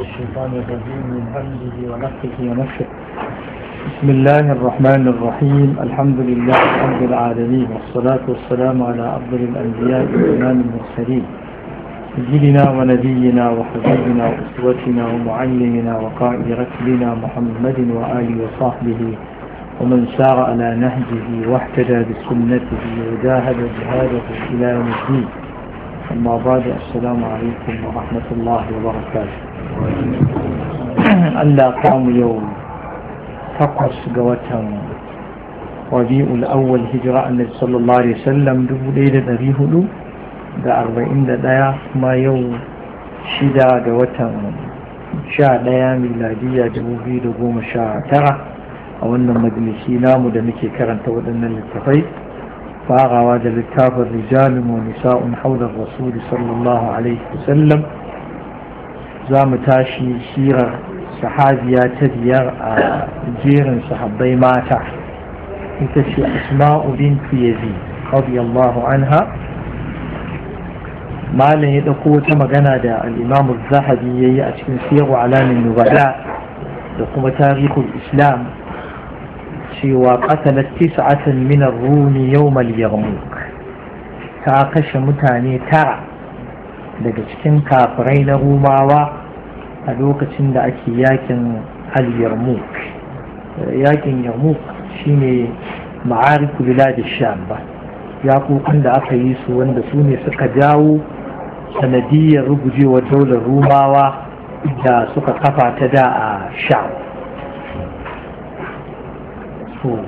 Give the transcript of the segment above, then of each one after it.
الشيطان الرجيم من همزه ونفسه ونفسه بسم الله الرحمن الرحيم الحمد لله رب العالمين والصلاة والسلام على أفضل الأنبياء وإمام المرسلين سيدنا ونبينا وحبيبنا وأسوتنا ومعلمنا وقائد ركبنا محمد وآله وصحبه ومن سار على نهجه واحتجى بسنته وجاهد جهاده إلى يوم الدين أما بعد السلام عليكم ورحمة الله وبركاته Allah kamu yau takwas ga watan rabi'ul awwal hijira annabi sallallahu alaihi wasallam ɗaya, kuma yau shida ga watan sha ɗaya sha tara, a wannan majalisi namu da muke karanta waɗannan littafai farawa da littafin rijalin wa nisa'un haular rasuli sallallahu alaihi wasallam za mu tashi shirar sahabiya ta biyar a jerin sahabbai mata ita ce asma'u bintu yazid radiyallahu anha malam ya ɗauko wata magana da al'imamu zahabi ya yi a cikin siyarwa alamin nubala da kuma tarihul islam cewa ƙasalar tisa'atan minar rumi yau yarmuk ta kashe mutane tara daga cikin kafirai na rumawa a lokacin da ake yakin al-yarmouk yakin yarmouk shine ma'arikul bilad sham ba yakokin da aka yi su wanda su ne suka jawo sanadiyar rugujewar daular rumawa da suka kafa ta da a sham so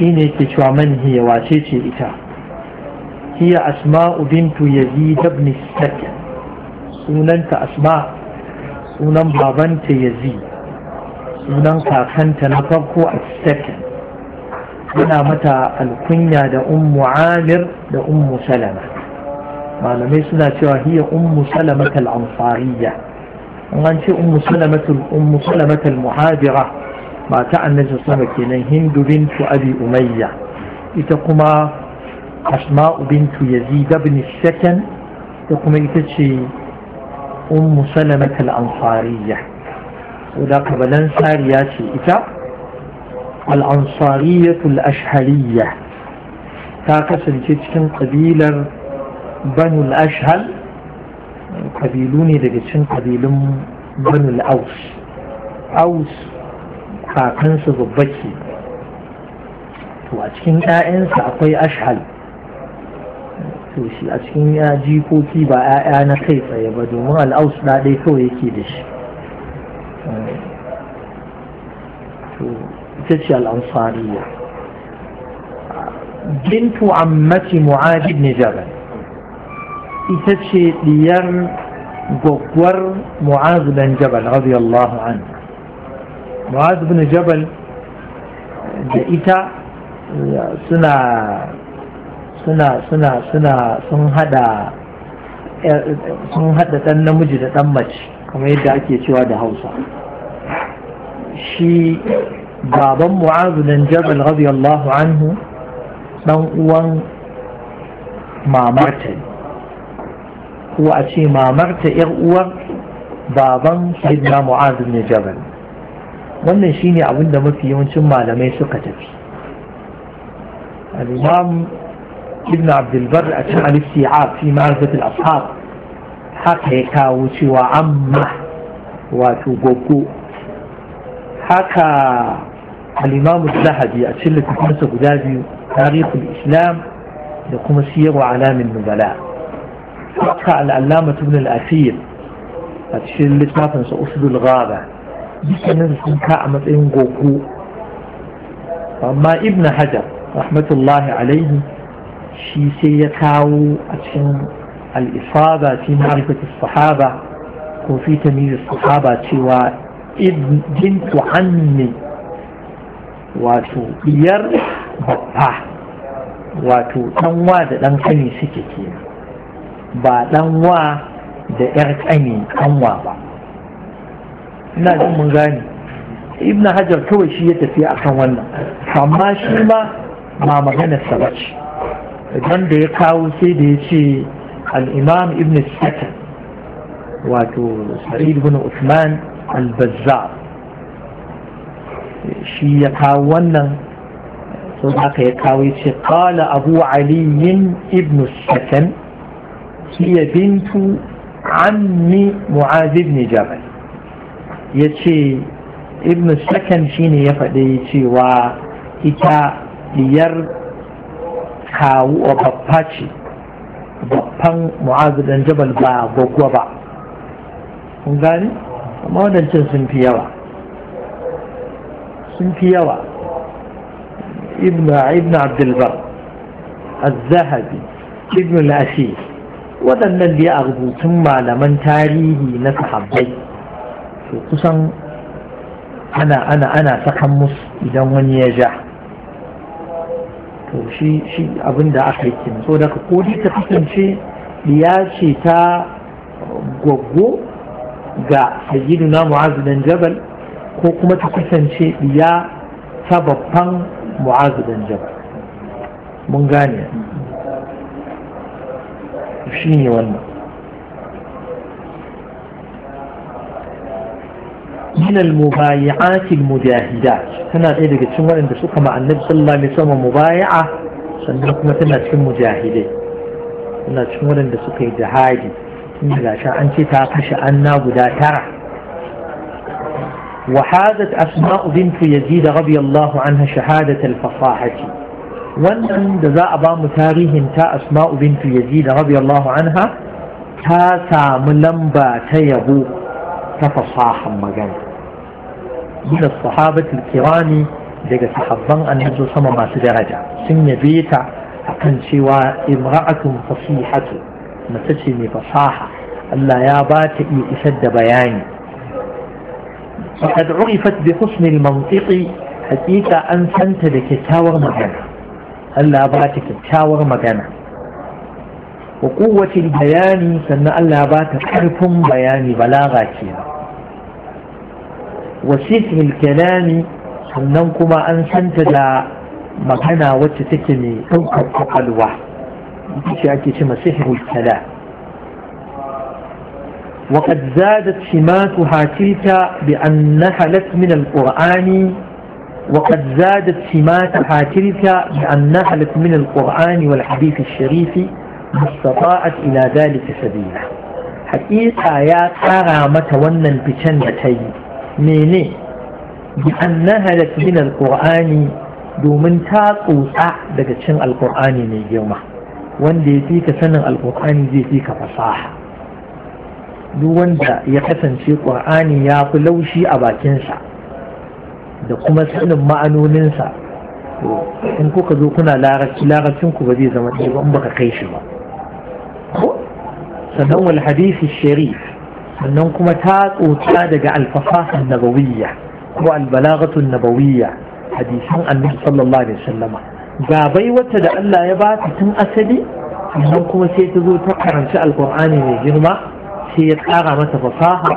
ne ke cewa man ya wace ce ita hiya asma'u bintu yazid ibn sunanta asma' sunan babanta yazi sunan kakanta na farko a second yana mata alkunya da ummu amir da ummu salama malamai suna cewa hiya ummu salama al-ansariya an ce ummu salama ummu salama al-muhajira mata annabi sama kenan hindu bintu abi umayya ita kuma asma'u bintu yazid ibn shakan da kuma ita ce ummu salamata al-ansariya da kabalan sariya ce ita al Ashariya ta kasance cikin ƙabilar Banul Ashal ashhal kabilu ne daga cikin kabilun Banul al-aus aus kakansa babba ke to a cikin 'ya'yansa akwai ashhal to shi a cikin ya jikoki ba 'ya'ya na kai tsaye ba domin al'aus dai kawai yake da shi to ita ce al'ansariya bintu ammati mu'ad ibn jabal ita ce diyar gwaggwar mu'az ibn jabal radiyallahu anhu mu'az ibn jabal da ita suna suna suna suna sun hada eh, sun hada dan namiji da dan mace kamar yadda ake cewa da hausa shi baban mu'azu dan jabal radiyallahu anhu dan uwan mamarta ko a ce mamarta yar uwar baban sayyidina mu'azu ne jabal wannan shine abin da mafi yawancin malamai suka tafi al-imam ابن عبد البر أتشع الاستيعاب في معرفة الأصحاب هيكا وشوى عمه وتوبوكو حكى الإمام الذهبي أتشلة كنسة قدابي تاريخ الإسلام يقوم سير علام النبلاء حكى العلامة ابن الأثير ما تنسى أسد الغابة بكنا سنكا أمت إن أما ابن حجر رحمة الله عليه shi sai ya kawo a cikin al'isaba fi ma'arifatis sahaba ko fi tamizis sahaba cewa jintu hannu wato biyar babba wato ɗanwa da ɗan kani suke kenan ba ɗanwa da ‘yar kani kanwa ba ina jin mun gane ibn hajar kawai shi ya tafi akan wannan amma shi ma ma maganarsa ba ce idan da ya kawo sai da ya ce al'imam ibn sakan wato sa'id ibn usman al-bazzar shi ya kawo wannan sau haka ya kawo ce kala abu aliyin ibn sakan hiya bintu ammi mu'az ibn jabal ya ce ibn sakan shine ya faɗi cewa ita diyar kawo a babba ce babban mu'azu dan jabal ba gwagwa ba kun gane amma wadancan sun fi yawa sun fi yawa ibn abdulbar al الذهبي Ibn الأسير waɗannan dai a rubutun malaman tarihi na sahabbai to kusan ana ana ana sakan musu idan wani ya ja to shi shi abin da aka yi kin so daga ko ta kasance ya ce ta gwaggo ga sayyiduna mu'azu dan jabal ko kuma ta kasance ya ta babban mu'azu dan jabal mun gane shi ne wannan من المبايعات المجاهدات هنا إيه لك تشمع ان سوق مع النبي صلى الله عليه وسلم مبايعة سنكم تنا تشم مجاهدين تنا ان عند سوق جهادي ان لا شاء أنت تاقش أنا ودا ترى وحازت أسماء بنت يزيد رضي الله عنها شهادة الفصاحة wannan da بام a تا اسماء بنت يزيد رضي الله عنها تا anha ta samu lamba ta من الصحابة الكرام دقة حظاً أن يجو سمى ما سدرجة سمي بيتا أن سوى امرأة فصيحة متسمي فصاحة ألا يا باتئي إسد بياني وقد عرفت بحسن المنطق حديثا أن سنت لك تاور مجانا ألا باتك تاور مجانا وقوة البيان سنة ألا باتك حرف بياني بلاغا كيرا وسفه الكلام أنكما أن سنتدى مكانا وتتكني magana wacce take شما سحر الكلام وقد زادت سماتها تلك بأن نحلت من القرآن وقد زادت سماتها تلك بأن نحلت من القرآن والحديث الشريف ما استطاعت إلى ذلك سبيلا حقيقة يا ترى متونا بشنتين mene bi annahalat min alqur'ani domin ta tsotsa daga cin alqur'ani mai girma wanda ya fi ka sanin alqur'ani zai fi ka fasaha duk wanda ya kasance qur'ani ya fi laushi a bakinsa da kuma sanin ma'anoninsa in kuka zo kuna larabci larabcin ku ba zai zama ɗaya ba in baka kai shi ba sannan wal hadisi sharif sannan kuma ta tsotsa daga alfafahan nabawiyya ko albalagatun nabawiyya hadisan annabi sallallahu alaihi wasallama ga bai wata da Allah ya ba ta tun asali sannan kuma sai ta zo ta karanci alqur'ani mai girma sai ya tsara mata fasaha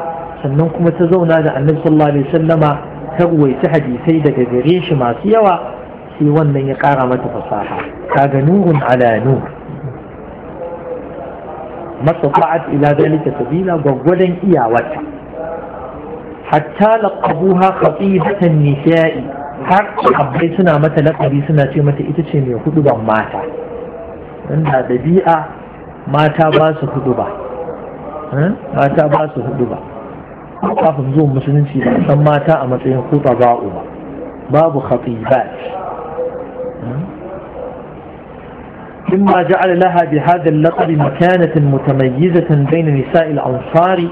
sannan kuma ta zauna da annabi sallallahu alaihi wasallama ta ruwaita hadisai daga gare shi masu yawa sai wannan ya kara mata fasaha kaga nurun ala nur masafa'at ila dalika sabila gwaggwadon iyawarta hatta laqabuha khatibatan nisa'i har abai suna mata lakabi suna ce mata ita ce mai huduban mata dan da dabi'a mata ba su huduba eh? ba kafin zuwan musulunci ba san mata a matsayin kuta ba'u ba babu khatibat eh? مما جعل لها بهذا اللقب مكانة متميزة بين نساء الأنصار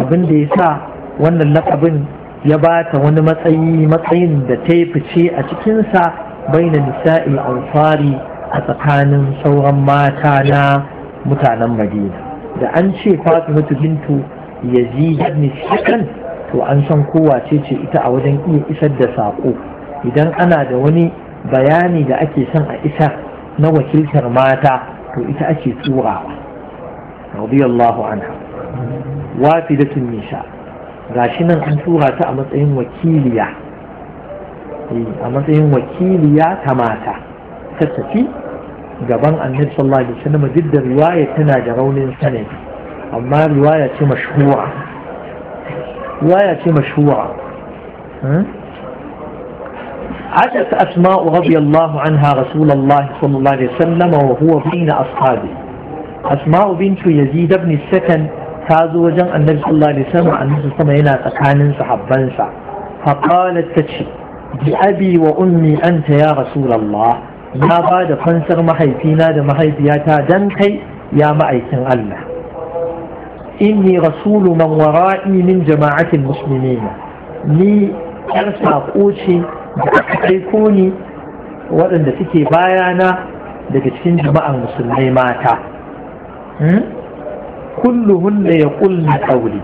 وبن ديسا وأن اللقب يبات وأن مطعي مطعي دتيب شيء أتكنسا بين نساء الأنصار أتقان صورا ما كان متعنا مدينة لأن شيء فاطمة بنت يزيد بن سكن تو أنسان قوة تيتي إتا أودن إيه إسد ساقو إذن أنا دوني بياني لأكي سنع إسر na wakiltar mata to ita ake turawa radiyallahu anha wafidatun nisa gashi nan an tura ta a matsayin wakiliya eh, a matsayin wakiliya ta mata ta tafi gaban annabi sallallahu alaihi wasallam duk da riwaya tana da raunin sanadi amma riwaya ce mashhura riwaya ce mashhura hmm? عتت أسماء رضي الله عنها رسول الله صلى الله عليه وسلم وهو بين أصحابه أسماء بنت يزيد بن السكن تازو وجن النبي صلى الله عليه وسلم أن النبي صلى الله عليه وسلم فقالت تشي بأبي وأمي أنت يا رسول الله na ba da fansar mahaifina da mahaifiyata don kai ya ma'aikin Allah. Inni rasulu man wara'i min jama'atin musulmina ni yar saƙo ce da aka aiko ni waɗanda suke bayana daga cikin jama'ar musulmai mata hmm? kulluhun da ya ƙulli ƙauli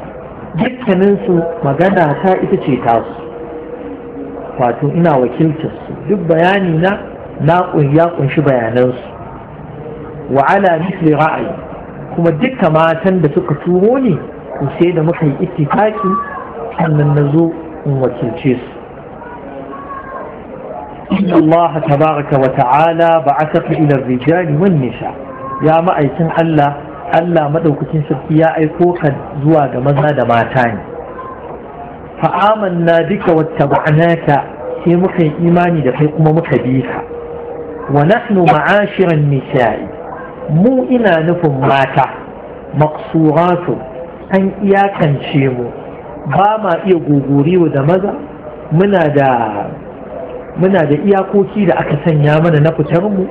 dukkaninsu magana ta ita ce tasu wato ina su duk bayani na na ya kunshi bayanansu wa ala misli ra'ayi kuma dukka matan da suka turo ni sai da muka yi ittifaki sannan na zo in wakilce إن الله تبارك وتعالى بعثك إلى الرجال والنساء يا ما أيتن الله الله مدوكتين سبكي يا قد زواج مزاد ماتان فآمنا بك واتبعناك في مكي إيماني دقيق مكبيك ونحن معاشر النساء مو إنا نفم ماتا مقصورات أن إياكا نشيمو ba ma iya gogorewa da maza muna da muna da iyakoki da aka sanya mana na fitar mu,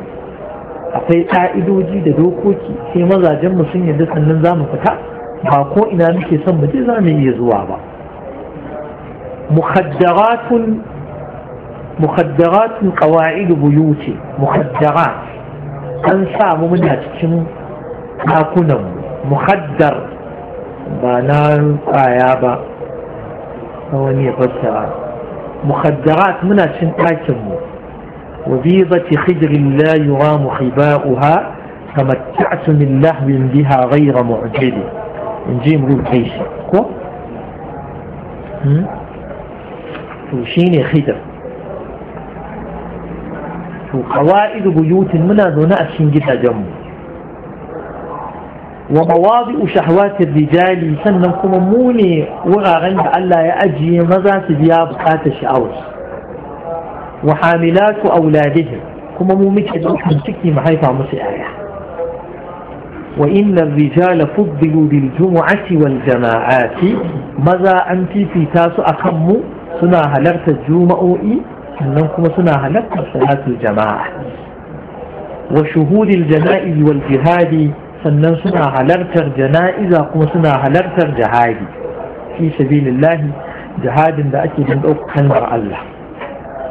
akwai ƙa'idoji da dokoki sai mazajenmu sun yarda sannan za mu fita ba ko ina muke son mu je za mu iya zuwa ba mukhaddaratun mukhaddaratun qawa'id buyuti muhaddara, an samu muna cikin ɗakunan muhaddar ba na kwaya ba ثواني غسرة مخدرات منها شنقاكم وبيضة خدر لا يرام خباؤها فمتعت من لهو بها غير معجل نجيم روح عيشة كو وشيني خدر وقوائد بيوت منها ذناء شنقها جمه ومواضع شهوات الرجال سننكم موني وغاغن ألا يأجي مزا تبيا بقات الشعور وحاملات أولادهم كما مومك أدوكم تكي محيطة مسيحية وإن الرجال فضلوا بالجمعة والجماعات مزا أنت في تاس أكم سنا هلغت الجمعوئي أنكم سنا هلغت صلاة الجماعة وشهود الجنائز والجهاد sannan suna halartar jana'iza kuma suna halartar jihadi fi sabilillahi jihadin da ake jin ɗaukar da Allah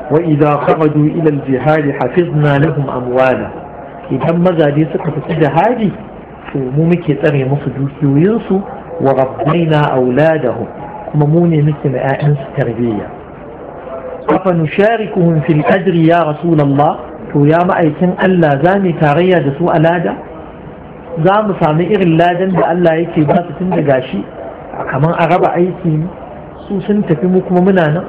wa idza qadu ila al-jihad hafizna lahum amwala idan mazaje suka fita jihadi to mu muke tsare musu dukiyoyin su wa rabbaina auladahum kuma mu ne muke na 'ya'yansu tarbiyya fa nusharikuhum fil ajri ya rasulullah to ya ma'aikin Allah za mu tarayya da su alada za mu sami irin ladan da Allah yake ba su tun daga shi kamar a raba aiki su sun tafi mu kuma muna nan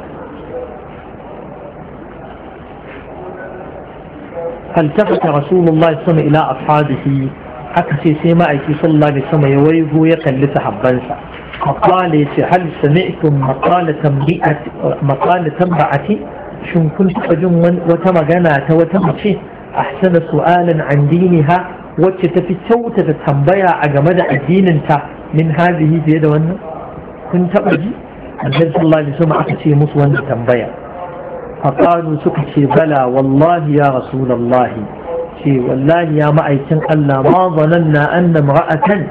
فالتفت رسول الله صلى الله عليه وسلم إلى أصحابه أكسي سيما أيكي صلى الله عليه وسلم يويه يقل حبانسا مقالة هل سمعتم مقالة امرئة مقالة امرأة شن كنت أجم وتم جنات أحسن سؤالا عن دينها wacce ta fi kyauta ta tambaya a game da addininta min hazihi fiye da wannan kun taɓa ji annabi sallallahu alaihi wasallam aka ce musu wannan tambaya faqalu suka ce bala wallahi ya rasulullah ce wallahi ya ma'aikin Allah ma zananna anna ra'atan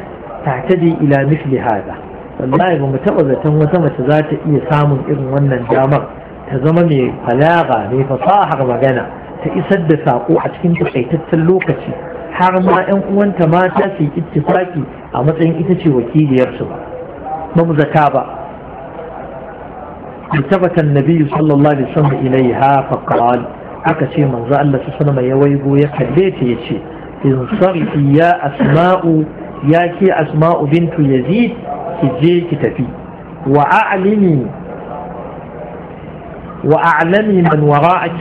ta'tadi ila mithli hada wallahi ba mu taɓa zaton wata mace za ta iya samun irin wannan damar ta zama mai falaga mai fasahar magana ta isar da saƙo a cikin takaitaccen lokaci har ma ‘yan uwanta mata su yi ittifaki a matsayin ita ce wakiliyarsu ba, mamzaka ba. Da tabbata Nabi sallallahu Alaihi wasallam ilai ha faƙawal, aka ce manzo Allah su sanama ya waigo ya kalle ta ya ya asma'u ya ke asma'u bintu Yazid ki je ki tafi, wa a'alimi wa a'alami man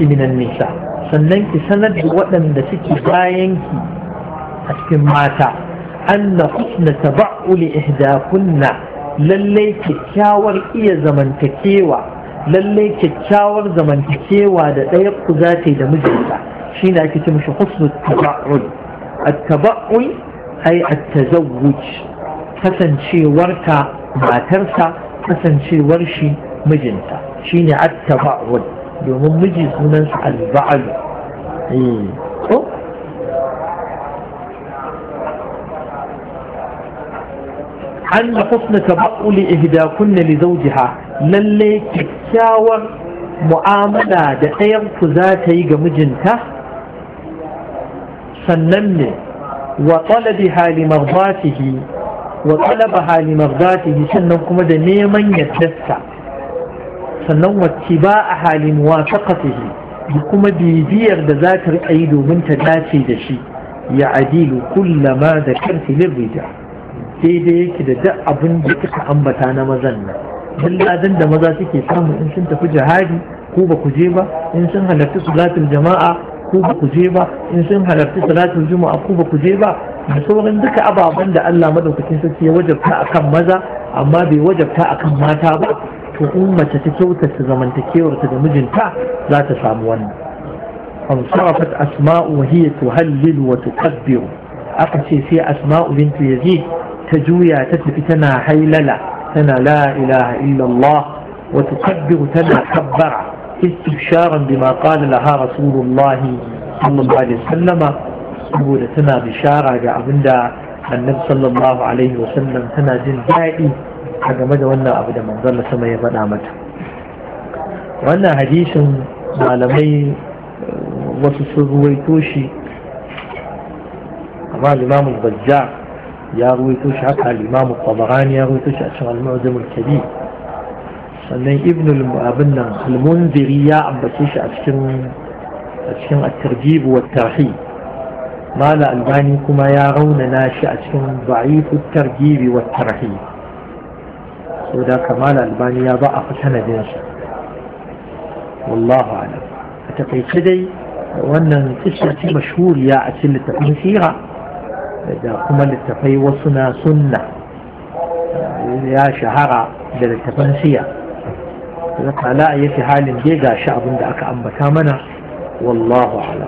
minan nisa. sannan ki sanar da waɗanda suke bayan ki أتكن أن حسن تبعل إهداكن للي كتاور إيا زمن كتيوة للي كتاور زمن كتيوة دا يبقى ذاتي دا مجلسة شين أكتب مش حسن التبعل التبعل أي التزوج حسن شي وركا ما ترسى حسن شي ورشي مجلسة شين التبعل يوم مجلس من البعل إيه. أو أن حسن تبقل إهداكن لزوجها للي كتاور معاملة دقيق ذاتي جمجنته سنمني وطلبها لمرضاته وطلبها لمرضاته سنكم دنيما يتدسى sannan wacce ba a halin muwafaƙatihi da kuma bibiyar da za ta riƙa yi domin ta dace da shi ya adilu kullama da karfi lirrija daidai yake da duk abin da kika ambata na mazan nan duk da maza suke samu in sun tafi jihadi ko ba ku je ba in sun halarci salatul jama'a ko ba ku je ba in sun halarci salatul juma'a ko ba ku je ba da sauran duka ababen da Allah madaukakin sarki ya wajabta akan maza amma bai wajabta akan mata ba to in mace ta kyautata zamantakewarta da mijinta za ta samu wannan Asma'u فانصرفت أسماء وهي تهلل aka ce sai asma'u bintu يزيد تجويا تتفي تنا حيللا تنا لا إله إلا الله وتكبر تنا كبرا استبشارا بما قال لها رسول الله صلى الله عليه وسلم تقول تنا بشارة عبندا النبي صلى الله عليه وسلم تنا جن دائي حاجة مدى وانا أبدا من ظل سما يبنى مدى وانا حديث معلمي وسسرويتوشي أمام الإمام البجاع ياغوي تشعك الإمام الطبراني ياغوي تشعك المعزم الكبير صنعي ابن المؤابنة المنذرية عم يا أبا تشعك الترجيب والترحيب ما لا ألباني كما يارون ناشئ ضعيف الترجيب والترحيب سودا كما لا ألباني يا ضعف والله أعلم أتقي كدي وأن تشعك مشهور يا أتل التفسيره da kuma littafai wasu na sunna ya shahara da littafan siya kala a yake halin dai gashi abin da aka ambata mana wallahu alam